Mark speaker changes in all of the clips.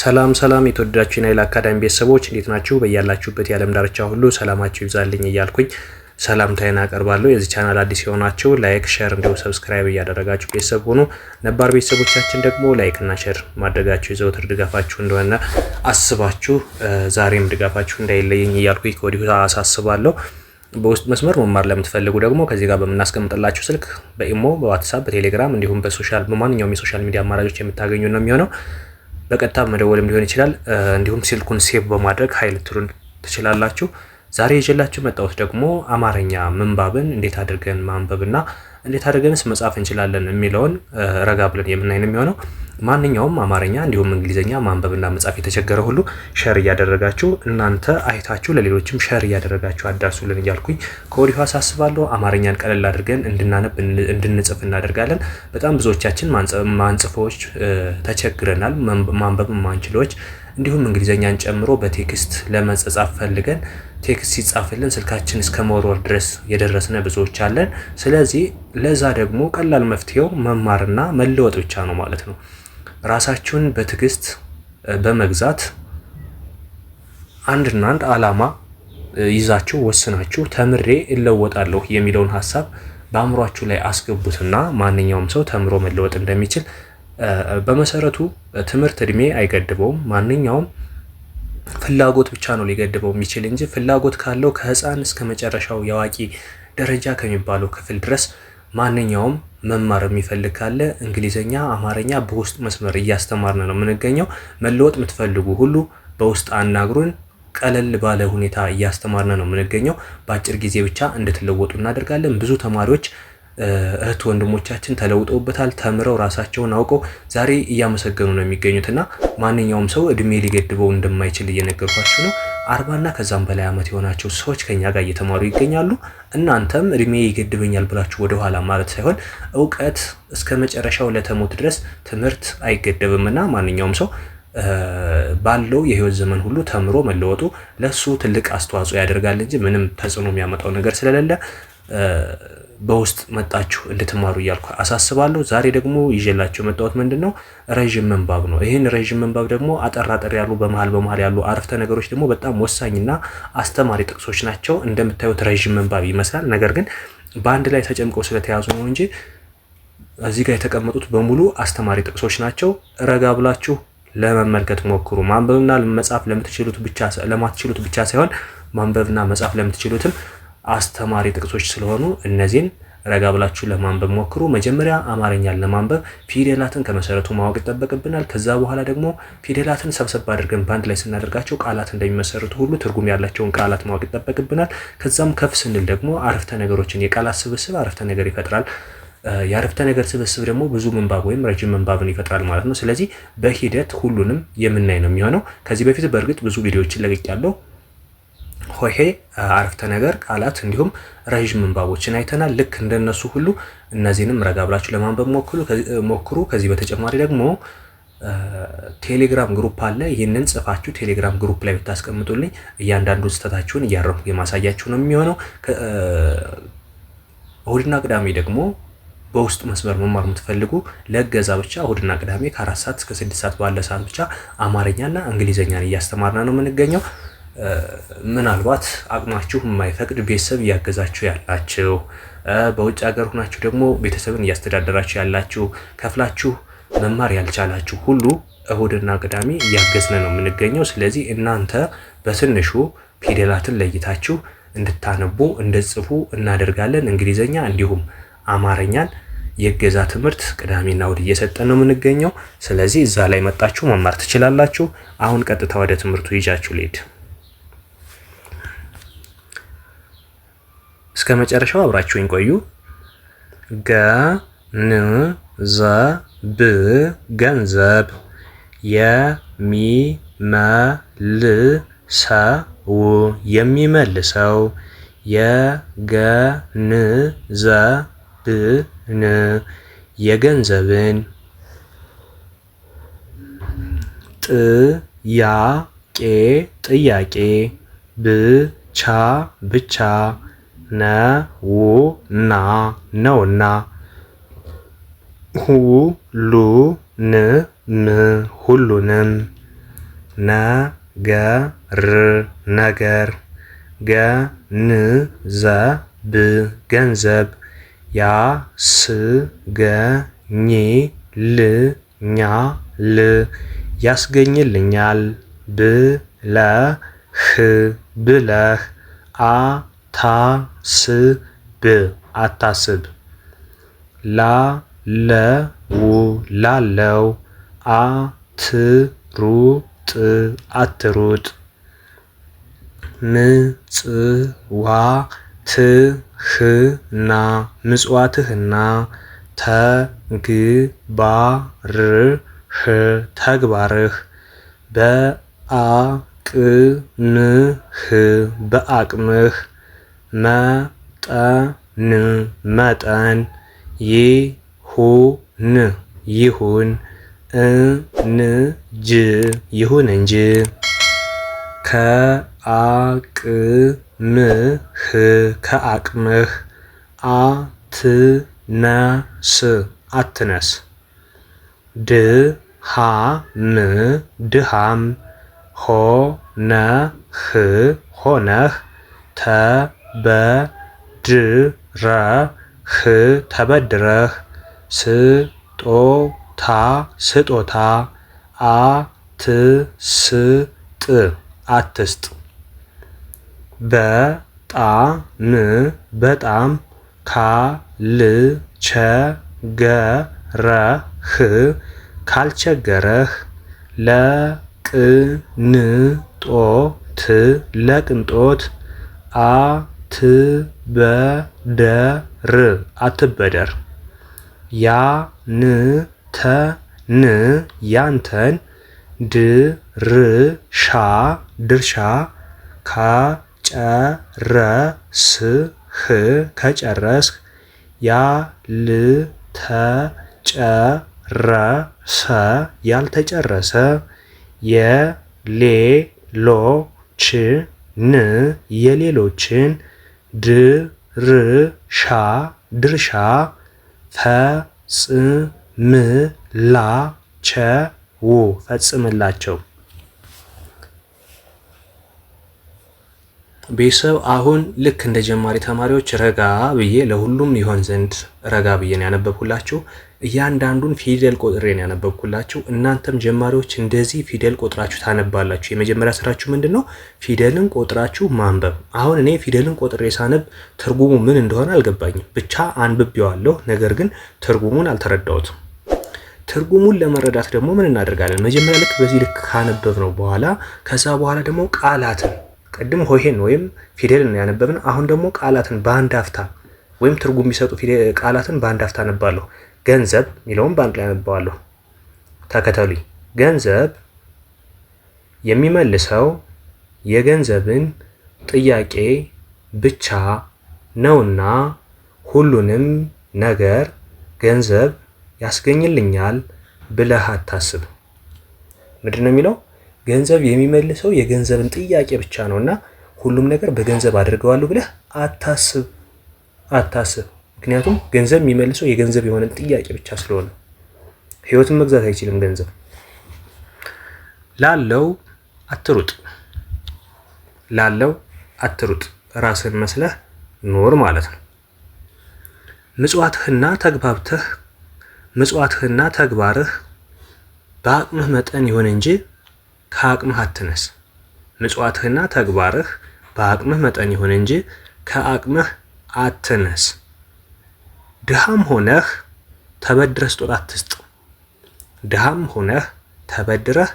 Speaker 1: ሰላም ሰላም የተወደዳችሁ የናይል አካዳሚ ቤተሰቦች እንዴት ናችሁ? በያላችሁበት የዓለም ዳርቻ ሁሉ ሰላማችሁ ይብዛልኝ እያልኩኝ ሰላምታዬን አቀርባለሁ። የዚህ ቻናል አዲስ የሆናችሁ ላይክ፣ ሸር እንዲሁም ሰብስክራይብ እያደረጋችሁ ቤተሰብ ሆኑ። ነባር ቤተሰቦቻችን ደግሞ ላይክና ሸር ማድረጋችሁ የዘውትር ድጋፋችሁ እንደሆነ አስባችሁ ዛሬም ድጋፋችሁ እንዳይለየኝ እያልኩኝ ከወዲሁ አሳስባለሁ። በውስጥ መስመር መማር ለምትፈልጉ ደግሞ ከዚህ ጋር በምናስቀምጥላችሁ ስልክ በኢሞ፣ በዋትሳፕ፣ በቴሌግራም እንዲሁም በሶሻል በማንኛውም የሶሻል ሚዲያ አማራጮች የምታገኙ ነው የሚሆነው በቀጥታ መደወልም ሊሆን ይችላል። እንዲሁም ስልኩን ሴቭ በማድረግ ሀይል ትሉን ትችላላችሁ። ዛሬ የጀላችሁ መጣሁት ደግሞ አማርኛ ምንባብን እንዴት አድርገን ማንበብና እንዴት አድርገንስ መጻፍ እንችላለን የሚለውን ረጋ ብለን የምናይን የሚሆነው ማንኛውም አማርኛ እንዲሁም እንግሊዝኛ ማንበብና መጻፍ የተቸገረ ሁሉ ሸር እያደረጋችሁ እናንተ አይታችሁ ለሌሎችም ሸር እያደረጋችሁ አዳርሱልን እያልኩኝ ከወዲሁ አሳስባለሁ። አማርኛን ቀለል አድርገን እንድናነብ እንድንጽፍ እናደርጋለን። በጣም ብዙዎቻችን ማንጽፎች ተቸግረናል። ማንበብ ማንችሎች እንዲሁም እንግሊዝኛን ጨምሮ በቴክስት ለመጻጻፍ ፈልገን ቴክስት ሲጻፍልን ስልካችን እስከ መወርወር ድረስ የደረስነ ብዙዎች አለን። ስለዚህ ለዛ ደግሞ ቀላል መፍትሄው መማርና መለወጥ ብቻ ነው ማለት ነው። ራሳችሁን በትዕግስት በመግዛት አንድና አንድ አላማ ይዛችሁ ወስናችሁ ተምሬ እለወጣለሁ የሚለውን ሀሳብ በአእምሯችሁ ላይ አስገቡትና ማንኛውም ሰው ተምሮ መለወጥ እንደሚችል በመሰረቱ ትምህርት እድሜ አይገድበውም። ማንኛውም ፍላጎት ብቻ ነው ሊገድበው የሚችል እንጂ ፍላጎት ካለው ከህፃን እስከ መጨረሻው የአዋቂ ደረጃ ከሚባለው ክፍል ድረስ ማንኛውም መማር የሚፈልግ ካለ እንግሊዝኛ፣ አማርኛ በውስጥ መስመር እያስተማርን ነው የምንገኘው። መለወጥ የምትፈልጉ ሁሉ በውስጥ አናግሩን። ቀለል ባለ ሁኔታ እያስተማርን ነው የምንገኘው። በአጭር ጊዜ ብቻ እንድትለወጡ እናደርጋለን። ብዙ ተማሪዎች እህት ወንድሞቻችን ተለውጠውበታል። ተምረው ራሳቸውን አውቀው ዛሬ እያመሰገኑ ነው የሚገኙትና ማንኛውም ሰው እድሜ ሊገድበው እንደማይችል እየነገርኳችሁ ነው። አርባና ከዛም በላይ ዓመት የሆናቸው ሰዎች ከኛ ጋር እየተማሩ ይገኛሉ። እናንተም እድሜ ይገድበኛል ብላችሁ ወደኋላ ማለት ሳይሆን እውቀት እስከ መጨረሻው ለተሞት ድረስ ትምህርት አይገደብምና ማንኛውም ሰው ባለው የህይወት ዘመን ሁሉ ተምሮ መለወጡ ለሱ ትልቅ አስተዋጽኦ ያደርጋል እንጂ ምንም ተጽዕኖ የሚያመጣው ነገር ስለሌለ በውስጥ መጣችሁ እንድትማሩ እያልኩ አሳስባለሁ። ዛሬ ደግሞ ይዤላቸው የመጣሁት ምንድን ነው ረዥም ምንባብ ነው። ይህን ረዥም ምንባብ ደግሞ አጠር አጠር ያሉ በመሀል በመሀል ያሉ አረፍተ ነገሮች ደግሞ በጣም ወሳኝና አስተማሪ ጥቅሶች ናቸው። እንደምታዩት ረዥም ምንባብ ይመስላል። ነገር ግን በአንድ ላይ ተጨምቀው ስለተያዙ ነው እንጂ እዚህ ጋር የተቀመጡት በሙሉ አስተማሪ ጥቅሶች ናቸው። ረጋ ብላችሁ ለመመልከት ሞክሩ። ማንበብና መጻፍ ለምትችሉት ብቻ ለማትችሉት ብቻ ሳይሆን ማንበብና መጻፍ ለምትችሉትም አስተማሪ ጥቅሶች ስለሆኑ እነዚህን ረጋ ብላችሁ ለማንበብ ሞክሩ። መጀመሪያ አማርኛን ለማንበብ ፊደላትን ከመሰረቱ ማወቅ ይጠበቅብናል። ከዛ በኋላ ደግሞ ፊደላትን ሰብሰብ አድርገን በአንድ ላይ ስናደርጋቸው ቃላት እንደሚመሰረቱ ሁሉ ትርጉም ያላቸውን ቃላት ማወቅ ይጠበቅብናል። ከዛም ከፍ ስንል ደግሞ አረፍተ ነገሮችን የቃላት ስብስብ አረፍተ ነገር ይፈጥራል። የአረፍተ ነገር ስብስብ ደግሞ ብዙ ምንባብ ወይም ረጅም ምንባብን ይፈጥራል ማለት ነው። ስለዚህ በሂደት ሁሉንም የምናይ ነው የሚሆነው። ከዚህ በፊት በእርግጥ ብዙ ቪዲዮዎችን ለቅቄያለሁ። ሆሄ፣ አረፍተ ነገር፣ ቃላት እንዲሁም ረዥም ምንባቦችን አይተናል። ልክ እንደነሱ ሁሉ እነዚህንም ረጋ ብላችሁ ለማንበብ ሞክሩ። ከዚህ በተጨማሪ ደግሞ ቴሌግራም ግሩፕ አለ። ይህንን ጽፋችሁ ቴሌግራም ግሩፕ ላይ ብታስቀምጡልኝ እያንዳንዱ ስህተታችሁን እያረምኩ የማሳያችሁ ነው የሚሆነው። እሁድና ቅዳሜ ደግሞ በውስጥ መስመር መማር የምትፈልጉ ለገዛ ብቻ እሁድና ቅዳሜ ከአራት ሰዓት እስከ ስድስት ሰዓት ባለ ሰዓት ብቻ አማርኛና እንግሊዝኛን እያስተማርና ነው የምንገኘው። ምናልባት አቅማችሁ የማይፈቅድ ቤተሰብ እያገዛችሁ ያላችሁ፣ በውጭ ሀገር ሆናችሁ ደግሞ ቤተሰብን እያስተዳደራችሁ ያላችሁ፣ ከፍላችሁ መማር ያልቻላችሁ ሁሉ እሁድና ቅዳሜ እያገዝነ ነው የምንገኘው። ስለዚህ እናንተ በትንሹ ፊደላትን ለይታችሁ እንድታነቡ እንድትጽፉ እናደርጋለን። እንግሊዝኛ እንዲሁም አማርኛን የገዛ ትምህርት ቅዳሜና እሁድ እየሰጠን ነው የምንገኘው። ስለዚህ እዛ ላይ መጣችሁ መማር ትችላላችሁ። አሁን ቀጥታ ወደ ትምህርቱ ይዣችሁ ልሂድ። እስከ መጨረሻው አብራችሁኝ ቆዩ። ገ ን ዘ ብ ገንዘብ የሚመልሰው የሚመልሰው የገንዘብን የገንዘብን ጥያቄ ጥያቄ ብቻ ብቻ ነው ና ነውና ሁሉንም ሁሉንም ነገር ነገር ገንዘብ ገንዘብ ያስገኝልኛል ያስገኝልኛል ብለህ ብለህ አ ታስብ አታስብ ላለው ላለው አትሩጥ አትሩጥ ምጽዋትህና ምጽዋትህና ተግባርህ ተግባርህ በአቅምህ በአቅምህ መጠን መጠን ይሁን ይሁን እንጂ ይሁን እንጂ ከአቅምህ ከአቅምህ አትነስ አትነስ ድሃም ድሃም ሆነህ ሆነህ ተ በድረህ ተበድረህ ስጦታ ስጦታ አትስጥ አትስጥ በጣም በጣም ካልቸገረህ ካልቸገረህ ለቅንጦት ለቅንጦት አ አትበደር አትበደር ያንተን ያንተን ድርሻ ድርሻ ከጨረስህ ከጨረስህ ያልተጨረሰ ያልተጨረሰ የሌሎችን የሌሎችን ድርሻ ድርሻ ፈጽምላቸው ፈጽምላቸው ቤተሰብ አሁን ልክ እንደ ጀማሪ ተማሪዎች ረጋ ብዬ ለሁሉም ይሆን ዘንድ ረጋ ብዬ ነው ያነበብኩላችሁ። እያንዳንዱን ፊደል ቆጥሬ ነው ያነበብኩላችሁ። እናንተም ጀማሪዎች እንደዚህ ፊደል ቆጥራችሁ ታነባላችሁ። የመጀመሪያ ስራችሁ ምንድን ነው? ፊደልን ቆጥራችሁ ማንበብ። አሁን እኔ ፊደልን ቆጥሬ ሳነብ ትርጉሙ ምን እንደሆነ አልገባኝም። ብቻ አንብቤዋለሁ፣ ነገር ግን ትርጉሙን አልተረዳሁትም። ትርጉሙን ለመረዳት ደግሞ ምን እናደርጋለን? መጀመሪያ ልክ በዚህ ልክ ካነበብ ነው በኋላ ከዛ በኋላ ደግሞ ቃላትን ቅድም ሆሄን ወይም ፊደልን ያነበብን፣ አሁን ደግሞ ቃላትን በአንድ አፍታ ወይም ትርጉም የሚሰጡ ቃላትን በአንድ አፍታ አነባለሁ። ገንዘብ የሚለውን በአንድ ላይ አነባዋለሁ። ተከተሉኝ። ገንዘብ የሚመልሰው የገንዘብን ጥያቄ ብቻ ነውና ሁሉንም ነገር ገንዘብ ያስገኝልኛል ብለህ አታስብ። ምንድን ነው የሚለው? ገንዘብ የሚመልሰው የገንዘብን ጥያቄ ብቻ ነው እና ሁሉም ነገር በገንዘብ አድርገዋለሁ ብለህ አታስብ አታስብ። ምክንያቱም ገንዘብ የሚመልሰው የገንዘብ የሆነን ጥያቄ ብቻ ስለሆነ ህይወትን መግዛት አይችልም ገንዘብ። ላለው አትሩጥ፣ ላለው አትሩጥ። ራስን መስለህ ኖር ማለት ነው። ምጽዋትህና ተግባብተህ ምጽዋትህና ተግባርህ በአቅምህ መጠን ይሆን እንጂ ከአቅምህ አትነስ። ምጽዋትህና ተግባርህ በአቅምህ መጠን ይሁን እንጂ ከአቅምህ አትነስ። ድሃም ሆነህ ተበድረህ ስጦታ አትስጥ። ድሃም ሆነህ ተበድረህ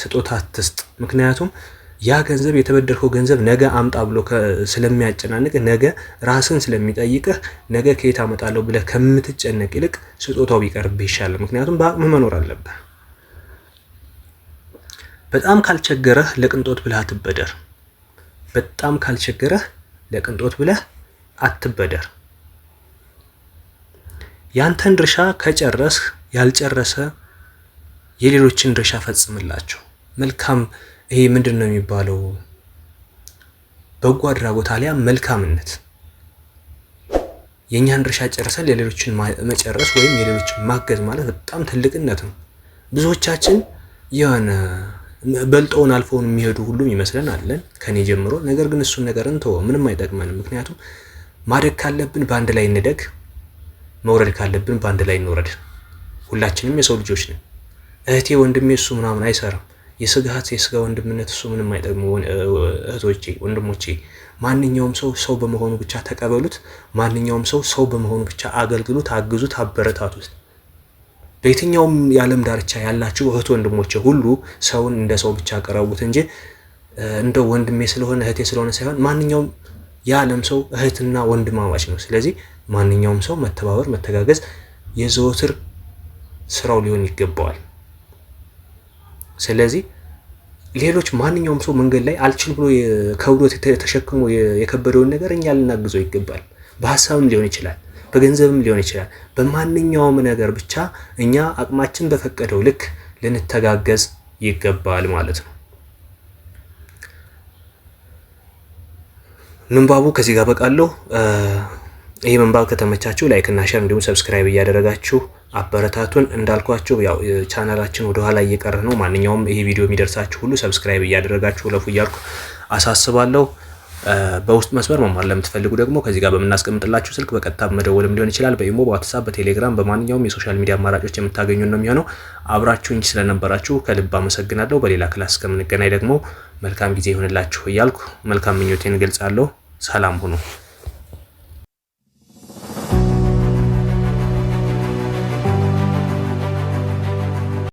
Speaker 1: ስጦታ አትስጥ። ምክንያቱም ያ ገንዘብ የተበደርከው ገንዘብ ነገ አምጣ ብሎ ስለሚያጨናንቅ ነገ ራስን ስለሚጠይቅህ ነገ ከየት አመጣለሁ ብለህ ከምትጨነቅ ይልቅ ስጦታው ቢቀርብህ ይሻላል። ምክንያቱም በአቅምህ መኖር አለብህ። በጣም ካልቸገረህ ለቅንጦት ብለህ አትበደር። በጣም ካልቸገረህ ለቅንጦት ብለህ አትበደር። ያንተን ድርሻ ከጨረስህ ያልጨረሰ የሌሎችን ድርሻ ፈጽምላቸው። መልካም ይሄ ምንድን ነው የሚባለው? በጎ አድራጎት አሊያ መልካምነት። የእኛን ድርሻ ጨርሰን ለሌሎችን መጨረስ ወይም የሌሎችን ማገዝ ማለት በጣም ትልቅነት ነው። ብዙዎቻችን የሆነ በልጠውን አልፈውን የሚሄዱ ሁሉም ይመስለን አለን ከኔ ጀምሮ። ነገር ግን እሱን ነገር እንተወ፣ ምንም አይጠቅመንም። ምክንያቱም ማደግ ካለብን በአንድ ላይ እንደግ፣ መውረድ ካለብን በአንድ ላይ እንውረድ። ሁላችንም የሰው ልጆች ነን። እህቴ ወንድሜ፣ እሱ ምናምን አይሰራም። የስጋት የስጋ ወንድምነት እሱ ምንም አይጠቅሙ። እህቶቼ ወንድሞቼ፣ ማንኛውም ሰው ሰው በመሆኑ ብቻ ተቀበሉት። ማንኛውም ሰው ሰው በመሆኑ ብቻ አገልግሉት፣ አግዙት፣ አበረታቱት። በየትኛውም የዓለም ዳርቻ ያላችሁ እህት ወንድሞቼ ሁሉ ሰውን እንደ ሰው ብቻ ቀረቡት እንጂ እንደ ወንድሜ ስለሆነ እህቴ ስለሆነ ሳይሆን ማንኛውም የዓለም ሰው እህትና ወንድማማች ነው። ስለዚህ ማንኛውም ሰው መተባበር፣ መተጋገዝ የዘወትር ስራው ሊሆን ይገባዋል። ስለዚህ ሌሎች ማንኛውም ሰው መንገድ ላይ አልችል ብሎ ከብዶት ተሸክሞ የከበደውን ነገር እኛ ልናግዘው ይገባል። በሀሳብም ሊሆን ይችላል በገንዘብም ሊሆን ይችላል። በማንኛውም ነገር ብቻ እኛ አቅማችን በፈቀደው ልክ ልንተጋገዝ ይገባል ማለት ነው። ምንባቡ ከዚህ ጋር በቃለሁ። ይህ ምንባብ ከተመቻችሁ ላይክ እና ሸር እንዲሁም ሰብስክራይብ እያደረጋችሁ አበረታቱን። እንዳልኳችሁ ያው ቻናላችን ወደኋላ እየቀረ ነው። ማንኛውም ይሄ ቪዲዮ የሚደርሳችሁ ሁሉ ሰብስክራይብ እያደረጋችሁ ለፉ እያልኩ አሳስባለሁ። በውስጥ መስመር መማር ለምትፈልጉ ደግሞ ከዚህ ጋር በምናስቀምጥላችሁ ስልክ በቀጥታ መደወልም ሊሆን ይችላል። በኢሞ፣ በዋትሳፕ፣ በቴሌግራም በማንኛውም የሶሻል ሚዲያ አማራጮች የምታገኙ ነው የሚሆነው። አብራችሁኝ ስለነበራችሁ ከልብ አመሰግናለሁ። በሌላ ክላስ እስከምንገናኝ ደግሞ መልካም ጊዜ ይሆንላችሁ እያልኩ መልካም ምኞቴን እገልጻለሁ። ሰላም ሁኑ።